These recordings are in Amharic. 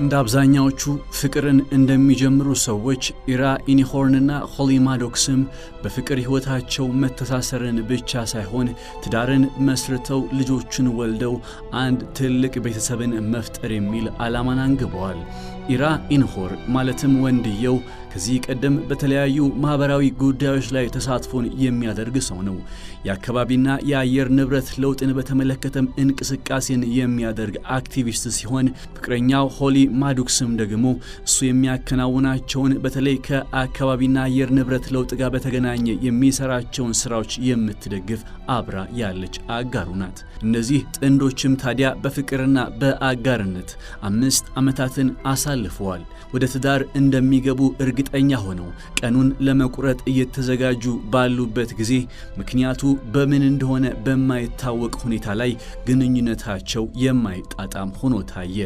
እንደ አብዛኛዎቹ ፍቅርን እንደሚጀምሩ ሰዎች ኢራ ኢኒሆርንና ሆሊ ማዶክስም በፍቅር ሕይወታቸው መተሳሰርን ብቻ ሳይሆን ትዳርን መስርተው ልጆችን ወልደው አንድ ትልቅ ቤተሰብን መፍጠር የሚል ዓላማን አንግበዋል። ኢራ ኢንሆር ማለትም ወንድየው ከዚህ ቀደም በተለያዩ ማህበራዊ ጉዳዮች ላይ ተሳትፎን የሚያደርግ ሰው ነው። የአካባቢና የአየር ንብረት ለውጥን በተመለከተም እንቅስቃሴን የሚያደርግ አክቲቪስት ሲሆን ፍቅረኛው ሆሊ ማዱክስም ደግሞ እሱ የሚያከናውናቸውን በተለይ ከአካባቢና አየር ንብረት ለውጥ ጋር በተገናኘ የሚሰራቸውን ስራዎች የምትደግፍ አብራ ያለች አጋሩ ናት። እነዚህ ጥንዶችም ታዲያ በፍቅርና በአጋርነት አምስት ዓመታትን አሳልፈዋል። ወደ ትዳር እንደሚገቡ እርግ እርግጠኛ ሆነው ቀኑን ለመቁረጥ እየተዘጋጁ ባሉበት ጊዜ ምክንያቱ በምን እንደሆነ በማይታወቅ ሁኔታ ላይ ግንኙነታቸው የማይጣጣም ሆኖ ታየ።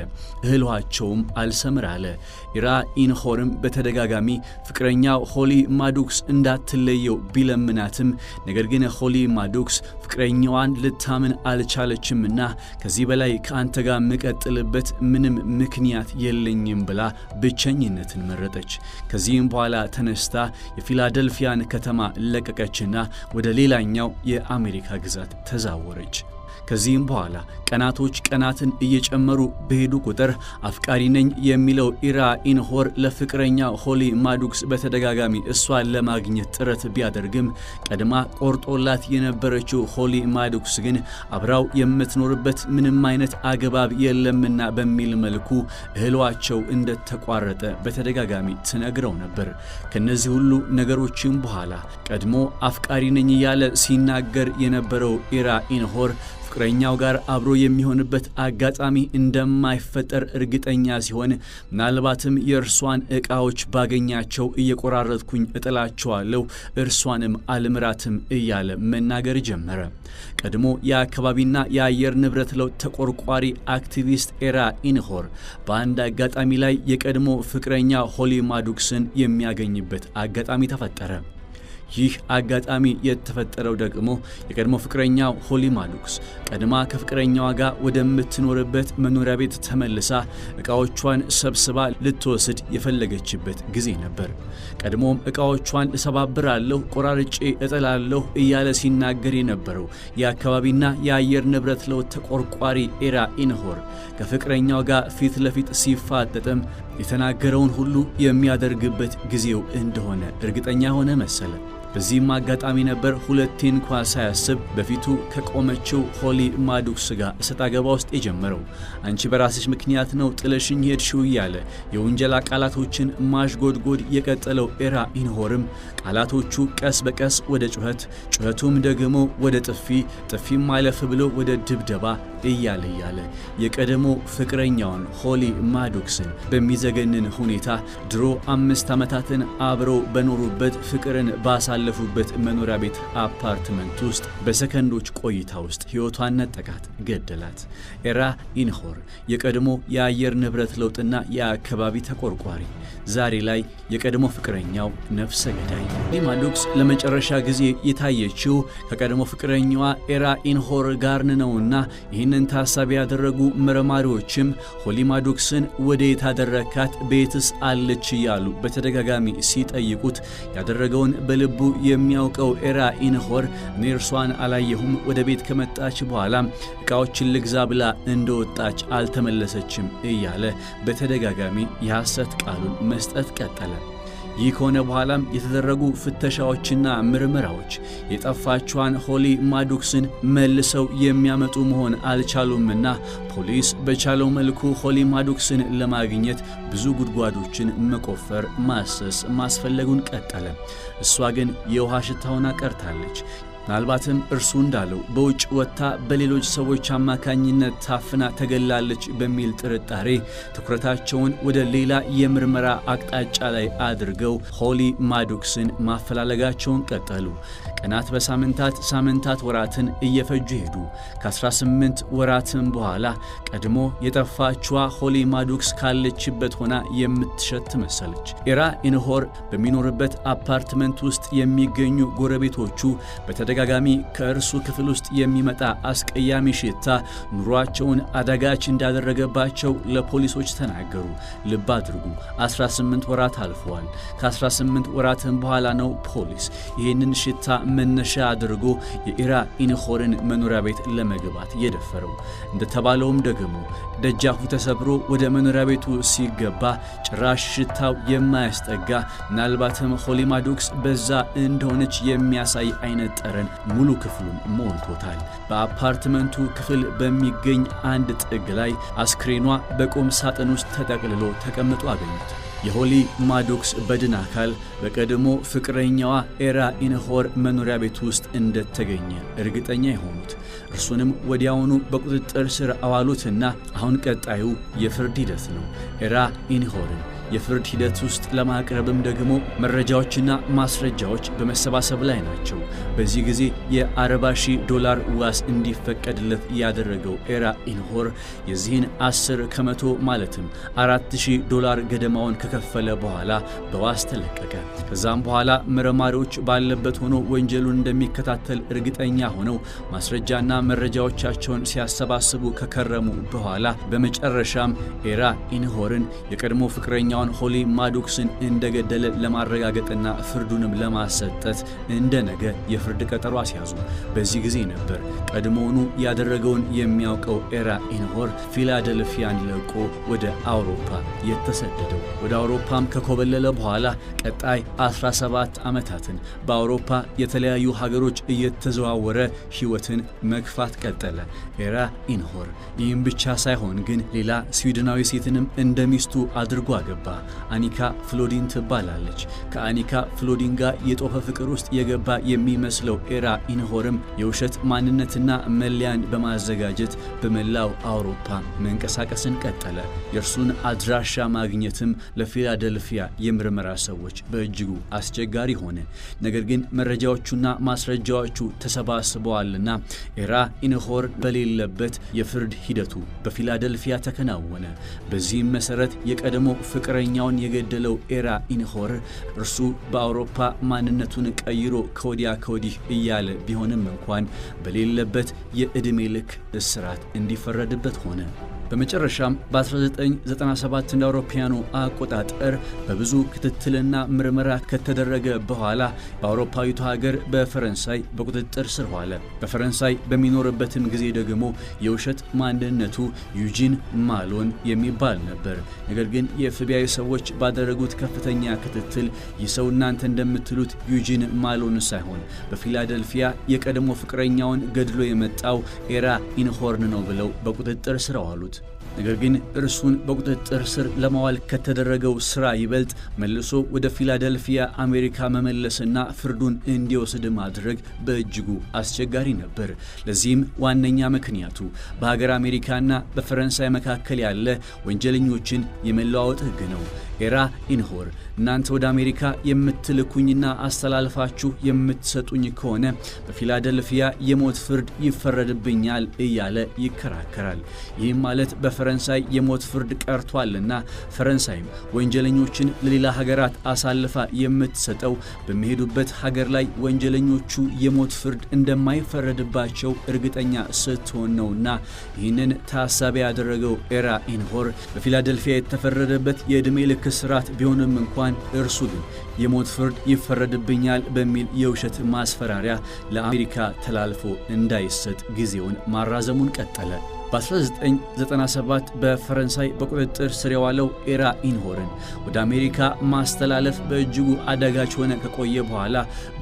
እህሏቸውም አልሰምር አለ። ኢራ ኢንሆርም በተደጋጋሚ ፍቅረኛው ሆሊ ማዶክስ እንዳትለየው ቢለምናትም ነገር ግን ሆሊ ማዱክስ ፍቅረኛዋን ልታምን አልቻለችምና ከዚህ በላይ ከአንተ ጋር ምቀጥልበት ምንም ምክንያት የለኝም ብላ ብቸኝነትን መረጠች። ከዚህም በኋላ ተነስታ የፊላደልፊያን ከተማ ለቀቀችና ወደ ሌላኛው የአሜሪካ ግዛት ተዛወረች። ከዚህም በኋላ ቀናቶች ቀናትን እየጨመሩ በሄዱ ቁጥር አፍቃሪ ነኝ የሚለው ኢራ ኢንሆር ለፍቅረኛ ሆሊ ማዱክስ በተደጋጋሚ እሷን ለማግኘት ጥረት ቢያደርግም ቀድማ ቆርጦላት የነበረችው ሆሊ ማዱክስ ግን አብራው የምትኖርበት ምንም አይነት አግባብ የለምና በሚል መልኩ እህሏቸው እንደተቋረጠ በተደጋጋሚ ትነግረው ነበር። ከነዚህ ሁሉ ነገሮችም በኋላ ቀድሞ አፍቃሪ ነኝ እያለ ሲናገር የነበረው ኢራ ኢንሆር ከፍቅረኛው ጋር አብሮ የሚሆንበት አጋጣሚ እንደማይፈጠር እርግጠኛ ሲሆን ምናልባትም የእርሷን እቃዎች ባገኛቸው እየቆራረጥኩኝ እጥላቸዋለሁ፣ እርሷንም አልምራትም እያለ መናገር ጀመረ። ቀድሞ የአካባቢና የአየር ንብረት ለውጥ ተቆርቋሪ አክቲቪስት ኤራ ኢንሆር በአንድ አጋጣሚ ላይ የቀድሞ ፍቅረኛ ሆሊ ማዱክስን የሚያገኝበት አጋጣሚ ተፈጠረ። ይህ አጋጣሚ የተፈጠረው ደግሞ የቀድሞ ፍቅረኛው ሆሊ ማሉክስ ቀድማ ከፍቅረኛዋ ጋር ወደምትኖርበት መኖሪያ ቤት ተመልሳ እቃዎቿን ሰብስባ ልትወስድ የፈለገችበት ጊዜ ነበር። ቀድሞም እቃዎቿን እሰባብራለሁ፣ ቆራርጬ እጥላለሁ እያለ ሲናገር የነበረው የአካባቢና የአየር ንብረት ለውጥ ተቆርቋሪ ኤራ ኢንሆር ከፍቅረኛው ጋር ፊት ለፊት ሲፋጠጥም የተናገረውን ሁሉ የሚያደርግበት ጊዜው እንደሆነ እርግጠኛ ሆነ መሰለ። በዚህም አጋጣሚ ነበር ሁለቴን ኳ ሳያስብ በፊቱ ከቆመችው ሆሊ ማዱክስ ጋር እሰጥ አገባ ውስጥ የጀመረው። አንቺ በራስሽ ምክንያት ነው ጥለሽኝ ሄድሽው እያለ የውንጀላ ቃላቶችን ማሽጎድጎድ የቀጠለው ኤራ ኢንሆርም ቃላቶቹ ቀስ በቀስ ወደ ጩኸት፣ ጩኸቱም ደግሞ ወደ ጥፊ፣ ጥፊም አለፍ ብሎ ወደ ድብደባ እያለ እያለ የቀድሞ ፍቅረኛውን ሆሊ ማዶክስን በሚዘገንን ሁኔታ ድሮ አምስት ዓመታትን አብረው በኖሩበት ፍቅርን ባሳለፉበት መኖሪያ ቤት አፓርትመንት ውስጥ በሰከንዶች ቆይታ ውስጥ ሕይወቷን ነጠቃት፣ ገደላት። ኤራ ኢንሆር የቀድሞ የአየር ንብረት ለውጥና የአካባቢ ተቆርቋሪ ዛሬ ላይ የቀድሞ ፍቅረኛው ነፍሰ ገዳይ ማዶክስ ለመጨረሻ ጊዜ የታየችው ከቀድሞ ፍቅረኛዋ ኤራ ኢንሆር ጋርን ነውና ይህን ይህንን ታሳቢ ያደረጉ መርማሪዎችም ሆሊማዶክስን ወደየት አደረካት? ቤትስ አለች? እያሉ በተደጋጋሚ ሲጠይቁት ያደረገውን በልቡ የሚያውቀው ኤራ ኢንሆር እኔ እርሷን አላየሁም፣ ወደ ቤት ከመጣች በኋላ እቃዎችን ልግዛ ብላ እንደወጣች አልተመለሰችም እያለ በተደጋጋሚ የሐሰት ቃሉን መስጠት ቀጠለ። ይህ ከሆነ በኋላም የተደረጉ ፍተሻዎችና ምርመራዎች የጠፋችዋን ሆሊ ማዶክስን መልሰው የሚያመጡ መሆን አልቻሉምና ፖሊስ በቻለው መልኩ ሆሊ ማዶክስን ለማግኘት ብዙ ጉድጓዶችን መቆፈር፣ ማሰስ፣ ማስፈለጉን ቀጠለ። እሷ ግን የውሃ ሽታ ሆና ቀርታለች። ምናልባትም እርሱ እንዳለው በውጭ ወጥታ በሌሎች ሰዎች አማካኝነት ታፍና ተገላለች በሚል ጥርጣሬ ትኩረታቸውን ወደ ሌላ የምርመራ አቅጣጫ ላይ አድርገው ሆሊ ማዶክስን ማፈላለጋቸውን ቀጠሉ። ቀናት በሳምንታት ሳምንታት ወራትን እየፈጁ ሄዱ። ከ18 ወራትም በኋላ ቀድሞ የጠፋችዋ ሆሊ ማዶክስ ካለችበት ሆና የምትሸት መሰለች። ኢራ ኢንሆር በሚኖርበት አፓርትመንት ውስጥ የሚገኙ ጎረቤቶቹ በተደ በተደጋጋሚ ከእርሱ ክፍል ውስጥ የሚመጣ አስቀያሚ ሽታ ኑሯቸውን አዳጋች እንዳደረገባቸው ለፖሊሶች ተናገሩ። ልብ አድርጉ፣ 18 ወራት አልፈዋል። ከ18 ወራትም በኋላ ነው ፖሊስ ይህንን ሽታ መነሻ አድርጎ የኢራ ኢንሆርን መኖሪያ ቤት ለመግባት የደፈረው። እንደተባለውም ደግሞ ደጃፉ ተሰብሮ ወደ መኖሪያ ቤቱ ሲገባ ጭራሽ ሽታው የማያስጠጋ ምናልባትም ሆሊማዶክስ በዛ እንደሆነች የሚያሳይ አይነት ጠረን መኮንን ሙሉ ክፍሉን ሞልቶታል። በአፓርትመንቱ ክፍል በሚገኝ አንድ ጥግ ላይ አስክሬኗ በቁም ሳጥን ውስጥ ተጠቅልሎ ተቀምጦ አገኙት። የሆሊ ማዶክስ በድን አካል በቀድሞ ፍቅረኛዋ ኤራ ኢንሆር መኖሪያ ቤት ውስጥ እንደተገኘ እርግጠኛ የሆኑት እርሱንም ወዲያውኑ በቁጥጥር ስር አዋሉትና አሁን ቀጣዩ የፍርድ ሂደት ነው። ኤራ ኢንሆርን የፍርድ ሂደት ውስጥ ለማቅረብም ደግሞ መረጃዎችና ማስረጃዎች በመሰባሰብ ላይ ናቸው። በዚህ ጊዜ የ ሺህ ዶላር ዋስ እንዲፈቀድለት ያደረገው ኤራ ኢንሆር የዚህን 10 ከመቶ ማለትም 4000 ዶላር ገደማውን ከከፈለ በኋላ በዋስ ተለቀቀ። ከዛም በኋላ መርማሪዎች ባለበት ሆኖ ወንጀሉን እንደሚከታተል እርግጠኛ ሆነው ማስረጃና መረጃዎቻቸውን ሲያሰባስቡ ከከረሙ በኋላ በመጨረሻም ኤራ ኢንሆርን የቀድሞ ፍቅረኛውን አለቃውን ሆሊ ማዶክስን እንደገደለ ለማረጋገጥና ፍርዱንም ለማሰጠት እንደ ነገ የፍርድ ቀጠሮ አስያዙ። በዚህ ጊዜ ነበር ቀድሞውኑ ያደረገውን የሚያውቀው ኤራ ኢንሆር ፊላደልፊያን ለቆ ወደ አውሮፓ የተሰደደው። ወደ አውሮፓም ከኮበለለ በኋላ ቀጣይ 17 ዓመታትን በአውሮፓ የተለያዩ ሀገሮች እየተዘዋወረ ሕይወትን መግፋት ቀጠለ። ኤራ ኢንሆር ይህም ብቻ ሳይሆን ግን ሌላ ስዊድናዊ ሴትንም እንደ ሚስቱ አድርጎ አገባ። ገባ። አኒካ ፍሎዲን ትባላለች። ከአኒካ ፍሎዲን ጋር የጦፈ ፍቅር ውስጥ የገባ የሚመስለው ኤራ ኢንሆርም የውሸት ማንነትና መለያን በማዘጋጀት በመላው አውሮፓ መንቀሳቀስን ቀጠለ። የእርሱን አድራሻ ማግኘትም ለፊላደልፊያ የምርመራ ሰዎች በእጅጉ አስቸጋሪ ሆነ። ነገር ግን መረጃዎቹና ማስረጃዎቹ ተሰባስበዋልና ኤራ ኢንሆር በሌለበት የፍርድ ሂደቱ በፊላደልፊያ ተከናወነ። በዚህም መሰረት የቀድሞ ፍቅር ፍቅረኛውን የገደለው ኤራ ኢንሆር እርሱ በአውሮፓ ማንነቱን ቀይሮ ከወዲያ ከወዲህ እያለ ቢሆንም እንኳን በሌለበት የዕድሜ ልክ እስራት እንዲፈረድበት ሆነ። በመጨረሻም በ1997 እንደ አውሮፓውያኑ አቆጣጠር በብዙ ክትትልና ምርመራ ከተደረገ በኋላ በአውሮፓዊቱ ሀገር በፈረንሳይ በቁጥጥር ስር ዋለ። በፈረንሳይ በሚኖርበትም ጊዜ ደግሞ የውሸት ማንነቱ ዩጂን ማሎን የሚባል ነበር። ነገር ግን የኤፍቢአይ ሰዎች ባደረጉት ከፍተኛ ክትትል ይሰው እናንተ እንደምትሉት ዩጂን ማሎን ሳይሆን በፊላደልፊያ የቀድሞ ፍቅረኛውን ገድሎ የመጣው ኤራ ኢንሆርን ነው ብለው በቁጥጥር ስር አዋሉት። ነገር ግን እርሱን በቁጥጥር ስር ለማዋል ከተደረገው ሥራ ይበልጥ መልሶ ወደ ፊላደልፊያ አሜሪካ መመለስና ፍርዱን እንዲወስድ ማድረግ በእጅጉ አስቸጋሪ ነበር። ለዚህም ዋነኛ ምክንያቱ በሀገር አሜሪካና በፈረንሳይ መካከል ያለ ወንጀለኞችን የመለዋወጥ ሕግ ነው። ኤራ ኢንሆር እናንተ ወደ አሜሪካ የምትልኩኝና አስተላልፋችሁ የምትሰጡኝ ከሆነ በፊላደልፊያ የሞት ፍርድ ይፈረድብኛል እያለ ይከራከራል። ይህም ማለት በፈረንሳይ የሞት ፍርድ ቀርቷልና ፈረንሳይም ወንጀለኞችን ለሌላ ሀገራት አሳልፋ የምትሰጠው በሚሄዱበት ሀገር ላይ ወንጀለኞቹ የሞት ፍርድ እንደማይፈረድባቸው እርግጠኛ ስትሆን ነውና ይህንን ታሳቢ ያደረገው ኤራ ኢንሆር በፊላደልፊያ የተፈረደበት የዕድሜ ልክ ስርዓት ቢሆንም እንኳን እርሱ ግን የሞት ፍርድ ይፈረድብኛል በሚል የውሸት ማስፈራሪያ ለአሜሪካ ተላልፎ እንዳይሰጥ ጊዜውን ማራዘሙን ቀጠለ። በ1997 በፈረንሳይ በቁጥጥር ስር የዋለው ኤራ ኢንሆርን ወደ አሜሪካ ማስተላለፍ በእጅጉ አዳጋች ሆነ ከቆየ በኋላ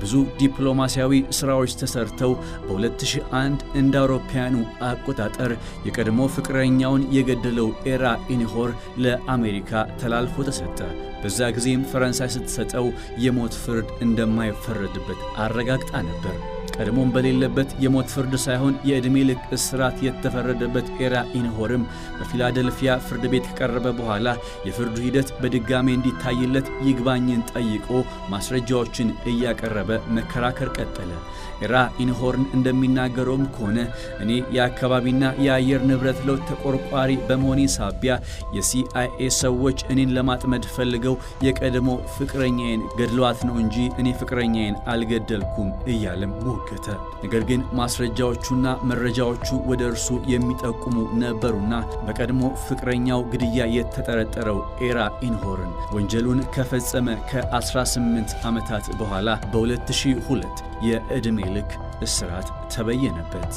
ብዙ ዲፕሎማሲያዊ ስራዎች ተሰርተው በ2001 እንደ አውሮፓያኑ አቆጣጠር የቀድሞ ፍቅረኛውን የገደለው ኤራ ኢንሆር ለአሜሪካ ተላልፎ ተሰጠ። በዛ ጊዜም ፈረንሳይ ስትሰጠው የሞት ፍርድ እንደማይፈረድበት አረጋግጣ ነበር። ቀድሞም በሌለበት የሞት ፍርድ ሳይሆን የዕድሜ ልክ እስራት የተፈረደበት ኤራ ኢንሆርም በፊላደልፊያ ፍርድ ቤት ከቀረበ በኋላ የፍርዱ ሂደት በድጋሜ እንዲታይለት ይግባኝን ጠይቆ ማስረጃዎችን እያቀረበ መከራከር ቀጠለ። ኢንሆርን እንደሚናገረውም ከሆነ እኔ የአካባቢና የአየር ንብረት ለውጥ ተቆርቋሪ በመሆኔ ሳቢያ የሲአይኤ ሰዎች እኔን ለማጥመድ ፈልገው የቀድሞ ፍቅረኛዬን ገድሏት ነው እንጂ እኔ ፍቅረኛዬን አልገደልኩም እያለም ሞገተ። ነገር ግን ማስረጃዎቹና መረጃዎቹ ወደ እርሱ የሚጠቁሙ ነበሩና በቀድሞ ፍቅረኛው ግድያ የተጠረጠረው ኤራ ኢንሆርን ወንጀሉን ከፈጸመ ከ18 ዓመታት በኋላ በ2002 የዕድሜ ልክ እስራት ተበየነበት።